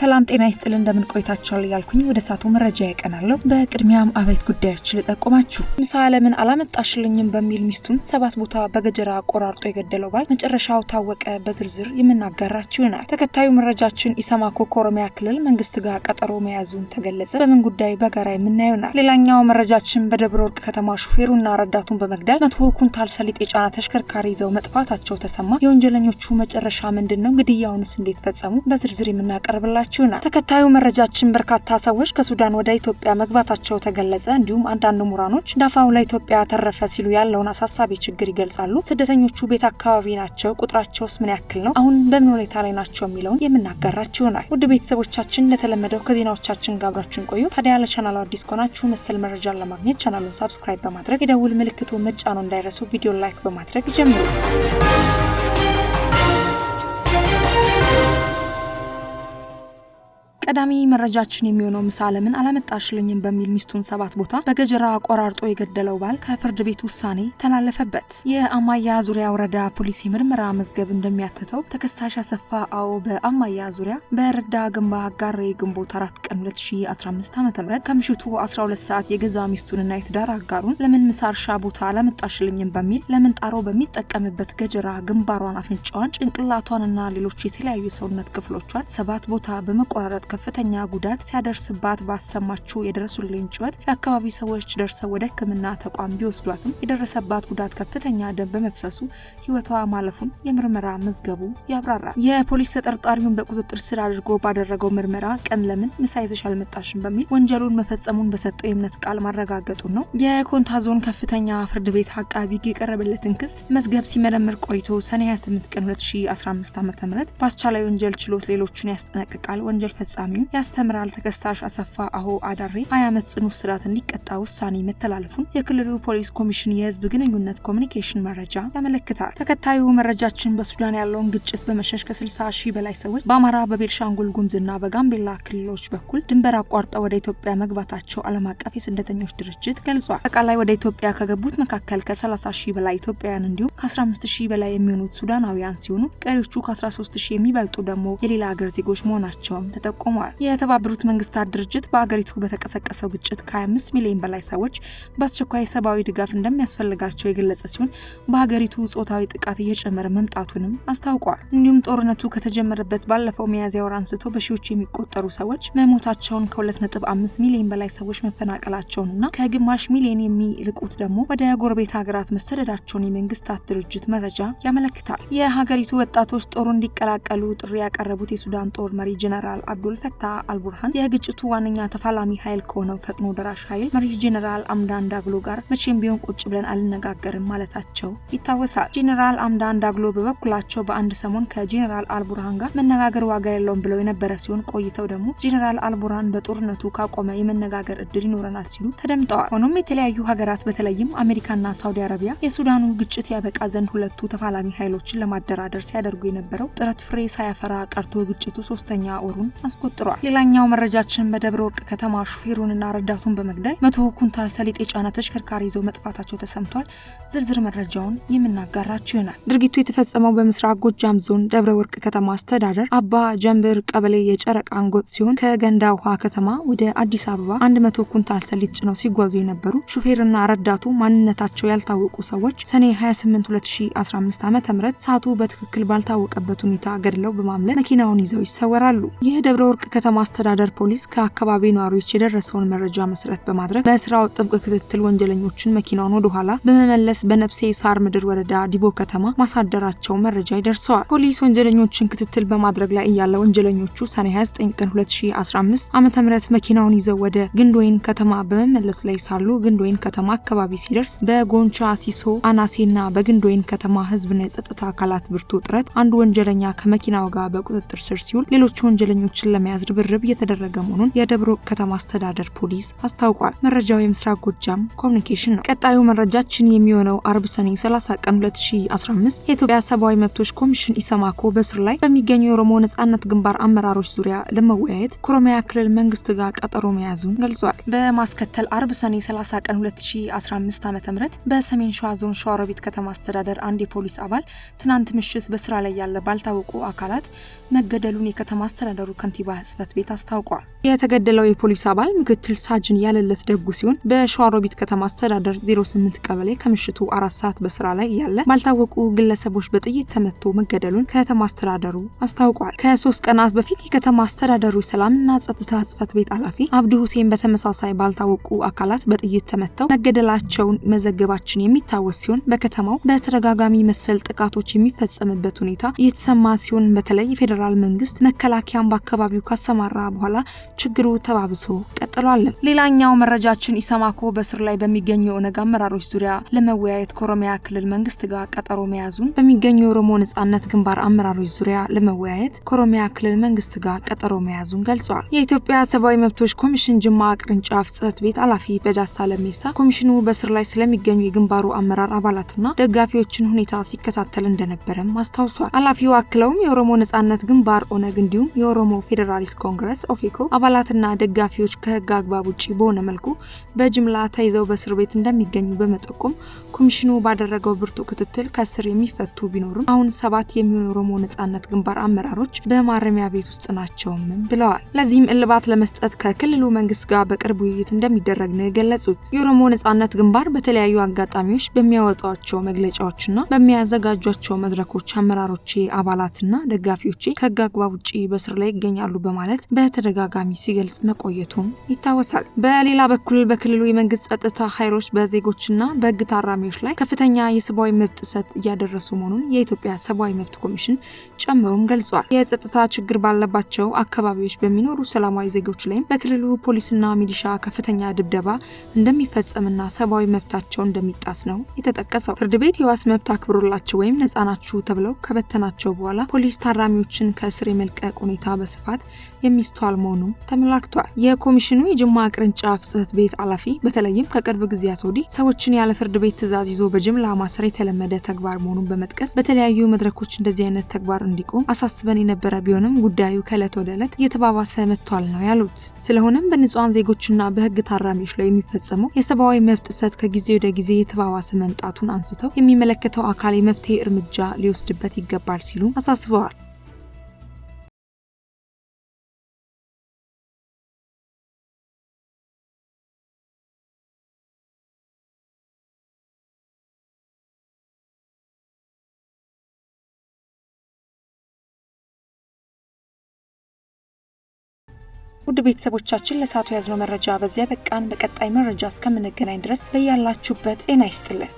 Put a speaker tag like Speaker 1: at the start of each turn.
Speaker 1: ሰላም ጤና ይስጥል እንደምን ቆይታችኋል? እያልኩኝ ወደ ሳቱ መረጃ ያቀናለሁ። በቅድሚያም አበይት ጉዳዮች ልጠቁማችሁ። ምሳ ለምን አላመጣሽልኝም በሚል ሚስቱን ሰባት ቦታ በገጀራ ቆራርጦ የገደለው ባል መጨረሻው ታወቀ። በዝርዝር የምናጋራችሁ ይሆናል። ተከታዩ መረጃችን ኢሰማኮ ከኦሮሚያ ክልል መንግስት ጋር ቀጠሮ መያዙን ተገለጸ። በምን ጉዳይ በጋራ የምናየው ይሆናል። ሌላኛው መረጃችን በደብረ ወርቅ ከተማ ሹፌሩና ረዳቱን በመግደል መቶ ኩንታል ሰሊጥ የጫና ተሽከርካሪ ይዘው መጥፋታቸው ተሰማ። የወንጀለኞቹ መጨረሻ ምንድን ነው? ግድያውንስ እንዴት ፈጸሙ? በዝርዝር የምናቀርብላችሁ የምናደርሳችሁ ይሆናል። ተከታዩ መረጃችን በርካታ ሰዎች ከሱዳን ወደ ኢትዮጵያ መግባታቸው ተገለጸ። እንዲሁም አንዳንድ ምሁራኖች ዳፋው ለኢትዮጵያ ተረፈ ሲሉ ያለውን አሳሳቢ ችግር ይገልጻሉ። ስደተኞቹ ቤት አካባቢ ናቸው? ቁጥራቸውስ ምን ያክል ነው? አሁን በምን ሁኔታ ላይ ናቸው? የሚለውን የምናጋራችሁ ይሆናል። ውድ ቤተሰቦቻችን እንደተለመደው ከዜናዎቻችን ጋር አብራችሁን ቆዩ። ታዲያ ለቻናሉ አዲስ ከሆናችሁ መሰል መረጃን ለማግኘት ቻናሉን ሳብስክራይብ በማድረግ የደውል ምልክቱ መጫኑ እንዳይረሱ፣ ቪዲዮ ላይክ በማድረግ ይጀምሩ። ቀዳሚ መረጃችን የሚሆነው ምሳ ለምን አላመጣሽልኝም በሚል ሚስቱን ሰባት ቦታ በገጀራ አቆራርጦ የገደለው ባል ከፍርድ ቤት ውሳኔ ተላለፈበት። የአማያ ዙሪያ ወረዳ ፖሊስ የምርመራ መዝገብ እንደሚያትተው ተከሳሽ አሰፋ አዎ በአማያ ዙሪያ በረዳ ግንባ ጋሬ ግንቦት 4 ቀን 2015 ዓ ም ከምሽቱ 12 ሰዓት የገዛ ሚስቱንና የትዳር አጋሩን ለምን ምሳ እርሻ ቦታ አላመጣሽልኝም በሚል ለምንጣሮ በሚጠቀምበት ገጀራ ግንባሯን፣ አፍንጫዋን፣ ጭንቅላቷንና ሌሎች የተለያዩ የሰውነት ክፍሎቿን ሰባት ቦታ በመቆራረጥ ከፍተኛ ጉዳት ሲያደርስባት ባሰማችው የደረሱልኝ ጩኸት የአካባቢ ሰዎች ደርሰው ወደ ሕክምና ተቋም ቢወስዷትም የደረሰባት ጉዳት ከፍተኛ ደም በመፍሰሱ ሕይወቷ ማለፉን የምርመራ መዝገቡ ያብራራል። የፖሊስ ተጠርጣሪውን በቁጥጥር ስር አድርጎ ባደረገው ምርመራ ቀን ለምን ምሳ ይዘሽ አልመጣሽም በሚል ወንጀሉን መፈጸሙን በሰጠው የእምነት ቃል ማረጋገጡን ነው። የኮንታ ዞን ከፍተኛ ፍርድ ቤት አቃቢ ሕግ የቀረበለትን ክስ መዝገብ ሲመረምር ቆይቶ ሰኔ 28 ቀን 2015 ም በአስቻላይ ወንጀል ችሎት ሌሎቹን ያስጠነቅቃል ወንጀል ፈጻሚ ፍጻሜውን ያስተምራል። ተከሳሽ አሰፋ አሁ አዳሬ 20 ዓመት ጽኑ እስራት እንዲቀጣ ውሳኔ መተላለፉን የክልሉ ፖሊስ ኮሚሽን የህዝብ ግንኙነት ኮሚኒኬሽን መረጃ ያመለክታል። ተከታዩ መረጃችን በሱዳን ያለውን ግጭት በመሸሽ ከ60 ሺህ በላይ ሰዎች በአማራ በቤንሻንጉል ጉሙዝና በጋምቤላ ክልሎች በኩል ድንበር አቋርጠው ወደ ኢትዮጵያ መግባታቸው ዓለም አቀፍ የስደተኞች ድርጅት ገልጿል። አጠቃላይ ወደ ኢትዮጵያ ከገቡት መካከል ከ30 ሺህ በላይ ኢትዮጵያውያን እንዲሁም ከ15 ሺህ በላይ የሚሆኑት ሱዳናውያን ሲሆኑ ቀሪዎቹ ከ13 ሺህ የሚበልጡ ደግሞ የሌላ ሀገር ዜጎች መሆናቸውም ተጠቁሟል። ጠቁሟል። የተባበሩት መንግስታት ድርጅት በአገሪቱ በተቀሰቀሰው ግጭት ከ25 ሚሊዮን በላይ ሰዎች በአስቸኳይ ሰብአዊ ድጋፍ እንደሚያስፈልጋቸው የገለጸ ሲሆን በሀገሪቱ ጾታዊ ጥቃት እየጨመረ መምጣቱንም አስታውቋል። እንዲሁም ጦርነቱ ከተጀመረበት ባለፈው ሚያዝያ ወር አንስቶ በሺዎች የሚቆጠሩ ሰዎች መሞታቸውን ከ2.5 ሚሊዮን በላይ ሰዎች መፈናቀላቸውንና ከግማሽ ሚሊዮን የሚልቁት ደግሞ ወደ ጎረቤት ሀገራት መሰደዳቸውን የመንግስታት ድርጅት መረጃ ያመለክታል። የሀገሪቱ ወጣቶች ጦሩ እንዲቀላቀሉ ጥሪ ያቀረቡት የሱዳን ጦር መሪ ጀነራል አብዱል ፈታ አልቡርሃን የግጭቱ ዋነኛ ተፋላሚ ኃይል ከሆነው ፈጥኖ ደራሽ ኃይል መሪ ጄኔራል አምዳን ዳግሎ ጋር መቼም ቢሆን ቁጭ ብለን አልነጋገርም ማለታቸው ይታወሳል። ጄኔራል አምዳን ዳግሎ በበኩላቸው በአንድ ሰሞን ከጄኔራል አልቡርሃን ጋር መነጋገር ዋጋ የለውም ብለው የነበረ ሲሆን ቆይተው ደግሞ ጄኔራል አልቡርሃን በጦርነቱ ካቆመ የመነጋገር እድል ይኖረናል ሲሉ ተደምጠዋል። ሆኖም የተለያዩ ሀገራት በተለይም አሜሪካና ሳውዲ አረቢያ የሱዳኑ ግጭት ያበቃ ዘንድ ሁለቱ ተፋላሚ ኃይሎችን ለማደራደር ሲያደርጉ የነበረው ጥረት ፍሬ ሳያፈራ ቀርቶ ግጭቱ ሶስተኛ ወሩን አስቆ ተቆጥሯል። ሌላኛው መረጃችን በደብረ ወርቅ ከተማ ሹፌሩንና ረዳቱን በመግደል መቶ ኩንታል ሰሊጥ የጫነ ተሽከርካሪ ይዘው መጥፋታቸው ተሰምቷል። ዝርዝር መረጃውን የምናጋራችሁ ይሆናል። ድርጊቱ የተፈጸመው በምስራቅ ጎጃም ዞን ደብረ ወርቅ ከተማ አስተዳደር አባ ጀንብር ቀበሌ የጨረቃ አንጎጥ ሲሆን ከገንዳ ውሃ ከተማ ወደ አዲስ አበባ 100 ኩንታል ሰሊጥ ጭነው ሲጓዙ የነበሩ ሹፌርና ረዳቱ ማንነታቸው ያልታወቁ ሰዎች ሰኔ 28 2015 ዓ ም ሰዓቱ በትክክል ባልታወቀበት ሁኔታ ገድለው በማምለጥ መኪናውን ይዘው ይሰወራሉ። ይህ ደብረ ወርቅ የወርቅ ከተማ አስተዳደር ፖሊስ ከአካባቢ ነዋሪዎች የደረሰውን መረጃ መሰረት በማድረግ በስራው ጥብቅ ክትትል ወንጀለኞችን መኪናውን ወደኋላ በመመለስ በነብሴ ሳር ምድር ወረዳ ዲቦ ከተማ ማሳደራቸው መረጃ ይደርሰዋል። ፖሊስ ወንጀለኞችን ክትትል በማድረግ ላይ እያለ ወንጀለኞቹ ሰኔ 29 ቀን 2015 ዓ ም መኪናውን ይዘው ወደ ግንድወይን ከተማ በመመለስ ላይ ሳሉ ግንድወይን ከተማ አካባቢ ሲደርስ በጎንቻ ሲሶ አናሴና በግንድወይን ከተማ ህዝብና የጸጥታ አካላት ብርቱ ጥረት አንዱ ወንጀለኛ ከመኪናው ጋር በቁጥጥር ስር ሲውል ሌሎች ወንጀለኞችን ለመያ ለመያዝ ርብርብ እየተደረገ መሆኑን የደብረ ከተማ አስተዳደር ፖሊስ አስታውቋል። መረጃው የምስራቅ ጎጃም ኮሚኒኬሽን ነው። ቀጣዩ መረጃችን የሚሆነው አርብ ሰኔ 30 ቀን 2015 የኢትዮጵያ ሰብአዊ መብቶች ኮሚሽን ኢሰማኮ በስር ላይ በሚገኙ የኦሮሞ ነጻነት ግንባር አመራሮች ዙሪያ ለመወያየት ከኦሮሚያ ክልል መንግስት ጋር ቀጠሮ መያዙን ገልጿል። በማስከተል አርብ ሰኔ 30 ቀን 2015 ዓ ም በሰሜን ሸዋ ዞን ሸዋሮቢት ከተማ አስተዳደር አንድ የፖሊስ አባል ትናንት ምሽት በስራ ላይ ያለ ባልታወቁ አካላት መገደሉን የከተማ አስተዳደሩ ከንቲባ ጽህፈት ቤት አስታውቋል። የተገደለው የፖሊስ አባል ምክትል ሳጅን ያለለት ደጉ ሲሆን በሸዋሮቢት ከተማ አስተዳደር 08 ቀበሌ ከምሽቱ አራት ሰዓት በስራ ላይ ያለ ባልታወቁ ግለሰቦች በጥይት ተመቶ መገደሉን ከተማ አስተዳደሩ አስታውቋል። ከሶስት ቀናት በፊት የከተማ አስተዳደሩ ሰላምና ጸጥታ ጽፈት ቤት ኃላፊ አብዱ ሁሴን በተመሳሳይ ባልታወቁ አካላት በጥይት ተመተው መገደላቸውን መዘገባችን የሚታወስ ሲሆን በከተማው በተደጋጋሚ መሰል ጥቃቶች የሚፈጸምበት ሁኔታ እየተሰማ ሲሆን በተለይ የፌዴራል መንግስት መከላከያን በአካባቢው ካሰማራ በኋላ ችግሩ ተባብሶ ቀጥሏል። ሌላኛው መረጃችን ኢሰማኮ በስር ላይ በሚገኙ የኦነግ አመራሮች ዙሪያ ለመወያየት ከኦሮሚያ ክልል መንግስት ጋር ቀጠሮ መያዙን በሚገኙ የኦሮሞ ነጻነት ግንባር አመራሮች ዙሪያ ለመወያየት ከኦሮሚያ ክልል መንግስት ጋር ቀጠሮ መያዙን ገልጿል። የኢትዮጵያ ሰብአዊ መብቶች ኮሚሽን ጅማ ቅርንጫፍ ጽህፈት ቤት ኃላፊ በዳሳ ለሜሳ ኮሚሽኑ በስር ላይ ስለሚገኙ የግንባሩ አመራር አባላትና ደጋፊዎችን ሁኔታ ሲከታተል እንደነበረም አስታውሷል። ኃላፊው አክለውም የኦሮሞ ነጻነት ግንባር ኦነግ እንዲሁም የኦሮሞ ፌዴራሊስት ኮንግረስ ኦፌኮ አባላት አባላትና ደጋፊዎች ከህግ አግባብ ውጭ በሆነ መልኩ በጅምላ ተይዘው በእስር ቤት እንደሚገኙ በመጠቆም ኮሚሽኑ ባደረገው ብርቱ ክትትል ከእስር የሚፈቱ ቢኖርም አሁን ሰባት የሚሆኑ የኦሮሞ ነጻነት ግንባር አመራሮች በማረሚያ ቤት ውስጥ ናቸውም ብለዋል። ለዚህም እልባት ለመስጠት ከክልሉ መንግስት ጋር በቅርብ ውይይት እንደሚደረግ ነው የገለጹት። የኦሮሞ ነጻነት ግንባር በተለያዩ አጋጣሚዎች በሚያወጧቸው መግለጫዎችና በሚያዘጋጇቸው መድረኮች አመራሮቼ፣ አባላትና ደጋፊዎቼ ከህግ አግባብ ውጭ በእስር ላይ ይገኛሉ በማለት በተደጋጋሚ በተደጋጋሚ ሲገልጽ መቆየቱም ይታወሳል። በሌላ በኩል በክልሉ የመንግስት ጸጥታ ኃይሎች በዜጎችና በህግ ታራሚዎች ላይ ከፍተኛ የሰብአዊ መብት ጥሰት እያደረሱ መሆኑን የኢትዮጵያ ሰብአዊ መብት ኮሚሽን ጨምሮም ገልጿል። የጸጥታ ችግር ባለባቸው አካባቢዎች በሚኖሩ ሰላማዊ ዜጎች ላይም በክልሉ ፖሊስና ሚሊሻ ከፍተኛ ድብደባ እንደሚፈጸምና ሰብአዊ መብታቸው እንደሚጣስ ነው የተጠቀሰው። ፍርድ ቤት የዋስ መብት አክብሮላቸው ወይም ነጻ ናችሁ ተብለው ከበተናቸው በኋላ ፖሊስ ታራሚዎችን ከእስር የመልቀቅ ሁኔታ በስፋት የሚስተዋል መሆኑም ተመላክቷል። የኮሚሽኑ የጅማ ቅርንጫፍ ጽህፈት ቤት ኃላፊ በተለይም ከቅርብ ጊዜያት ወዲህ ሰዎችን ያለ ፍርድ ቤት ትዕዛዝ ይዞ በጅምላ ማሰር የተለመደ ተግባር መሆኑን በመጥቀስ በተለያዩ መድረኮች እንደዚህ አይነት ተግባር እንዲቆም አሳስበን የነበረ ቢሆንም ጉዳዩ ከእለት ወደ እለት እየተባባሰ መጥቷል ነው ያሉት። ስለሆነም በንጹሐን ዜጎችና በህግ ታራሚዎች ላይ የሚፈጸመው የሰብአዊ መብት ጥሰት ከጊዜ ወደ ጊዜ የተባባሰ መምጣቱን አንስተው የሚመለከተው አካል የመፍትሄ እርምጃ ሊወስድበት ይገባል ሲሉም አሳስበዋል። ውድ ቤተሰቦቻችን ለሳቱ ያዝነው መረጃ በዚያ በቃን። በቀጣይ መረጃ እስከምንገናኝ ድረስ በያላችሁበት ጤና ይስጥልን።